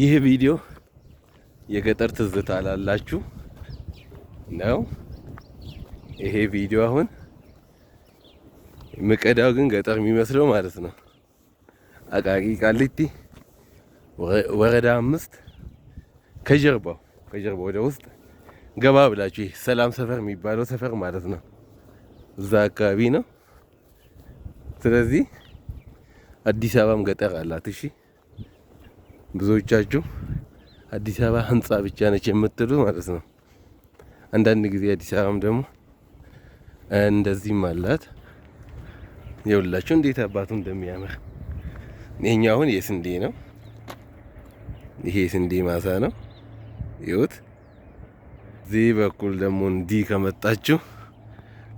ይህ ቪዲዮ የገጠር ትዝታ ላላችሁ ነው። ይሄ ቪዲዮ አሁን ምቀዳው ግን ገጠር የሚመስለው ማለት ነው። አቃቂ ቃሊቲ ወረዳ አምስት ከጀርባው ከጀርባው ወደ ውስጥ ገባ ብላችሁ ይህ ሰላም ሰፈር የሚባለው ሰፈር ማለት ነው። እዛ አካባቢ ነው። ስለዚህ አዲስ አበባም ገጠር አላት። እሺ ብዙዎቻችሁ አዲስ አበባ ህንጻ ብቻ ነች የምትሉ ማለት ነው። አንዳንድ ጊዜ አዲስ አበባም ደግሞ እንደዚህም አላት። የሁላችሁ እንዴት አባቱ እንደሚያምር ይሄኛው አሁን የስንዴ ነው። ይሄ የስንዴ ማሳ ነው። ይሁት እዚህ በኩል ደግሞ እንዲህ ከመጣችሁ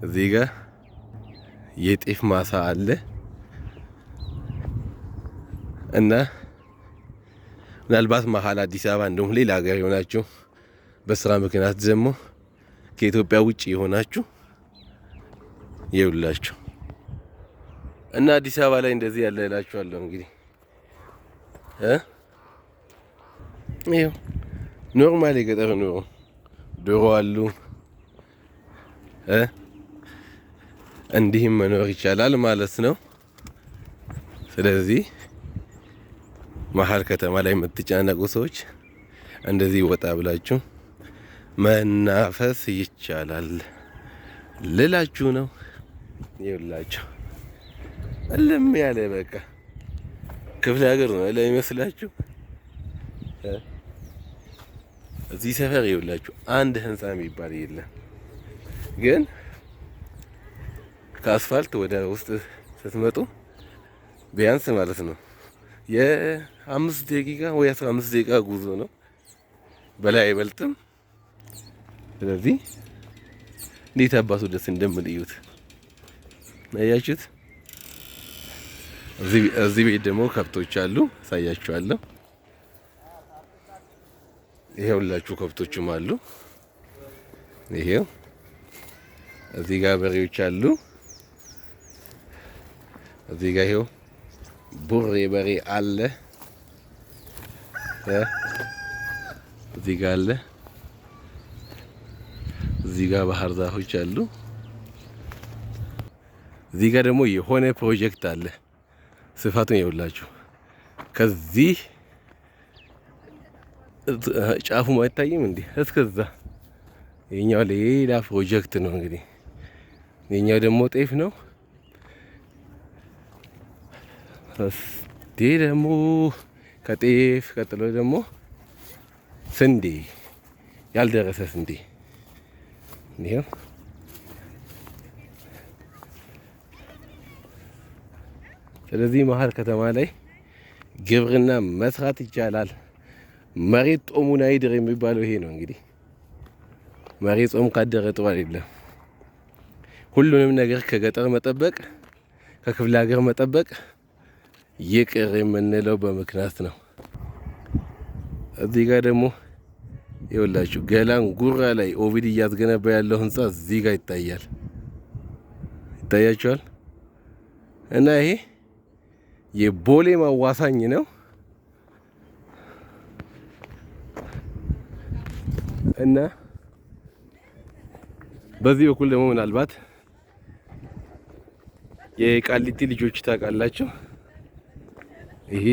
እዚህ ጋር የጤፍ ማሳ አለ። እና ምናልባት መሀል አዲስ አበባ እንደሁም ሌላ ሀገር የሆናችሁ በስራ ምክንያት ደግሞ ከኢትዮጵያ ውጭ የሆናችሁ ይውላችሁ እና አዲስ አበባ ላይ እንደዚህ ያለ እላችኋለሁ። እንግዲህ ይኸው ኖርማል የገጠር ኑሮ ዶሮ አሉ፣ እንዲህም መኖር ይቻላል ማለት ነው። ስለዚህ መሀል ከተማ ላይ የምትጨናነቁ ሰዎች እንደዚህ ወጣ ብላችሁ መናፈስ ይቻላል ልላችሁ ነው። ይውላችሁ እልም ያለ በቃ ክፍለ ሀገር ነው ለሚመስላችሁ እዚህ ሰፈር ይውላችሁ አንድ ህንፃ የሚባል የለም። ግን ከአስፋልት ወደ ውስጥ ስትመጡ ቢያንስ ማለት ነው የአምስት ደቂቃ ወይ አስራ አምስት ደቂቃ ጉዞ ነው፣ በላይ አይበልጥም። ስለዚህ እንዴት አባቱ ደስ እንደምል እዩት። አያችሁት? እዚህ ቤት ደግሞ ከብቶች አሉ፣ አሳያችኋለሁ። ይሄ ከብቶችም አሉ። ይሄው እዚህ ጋር በሬዎች አሉ። እዚህ ጋር ይሄው ቡሬ በሬ አለ። እዚህ አለ። እዚህ ባህር ዛፎች አሉ። እዚህ ጋ ደግሞ የሆነ ፕሮጀክት አለ። ስፋቱን የውላችሁ ከዚህ ጫፉም አይታይም እንዴ? እስከዛ የኛው ሌላ ፕሮጀክት ነው እንግዲህ የኛው ደግሞ ጤፍ ነው። ከስንዴ ደግሞ ከጤፍ ቀጥሎ ደግሞ ስንዴ ያልደረሰ ስንዴ ይሄው ስለዚህ መሀል ከተማ ላይ ግብርና መስራት ይቻላል። መሬት ጦሙን አይድር የሚባለው ይሄ ነው። እንግዲህ መሬት ጾም ካደረ ጥሩ አይደለም። ሁሉንም ነገር ከገጠር መጠበቅ፣ ከክፍለ ሀገር መጠበቅ ይቅር የምንለው በምክንያት ነው። እዚህ ጋር ደግሞ ይወላችሁ ገላን ጉራ ላይ ኦቪድ እያስገነባ ያለው ህንፃ እዚህ ጋር ይታያል፣ ይታያችኋል። እና ይሄ የቦሌ ማዋሳኝ ነው። እና በዚህ በኩል ደግሞ ምናልባት የቃሊቲ ልጆች ታውቃላችሁ ይሄ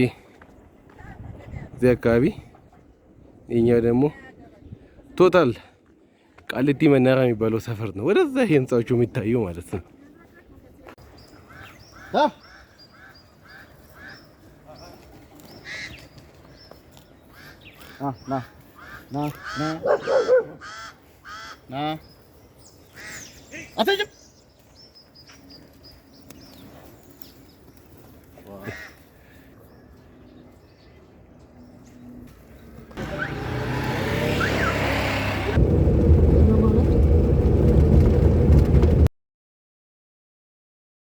እዚህ አካባቢ የኛው ደግሞ ቶታል ቃሊቲ መናራ የሚባለው ሰፈር ነው። ወደዛ ይሄ ህንጻዎቹ የሚታዩ ማለት ነው።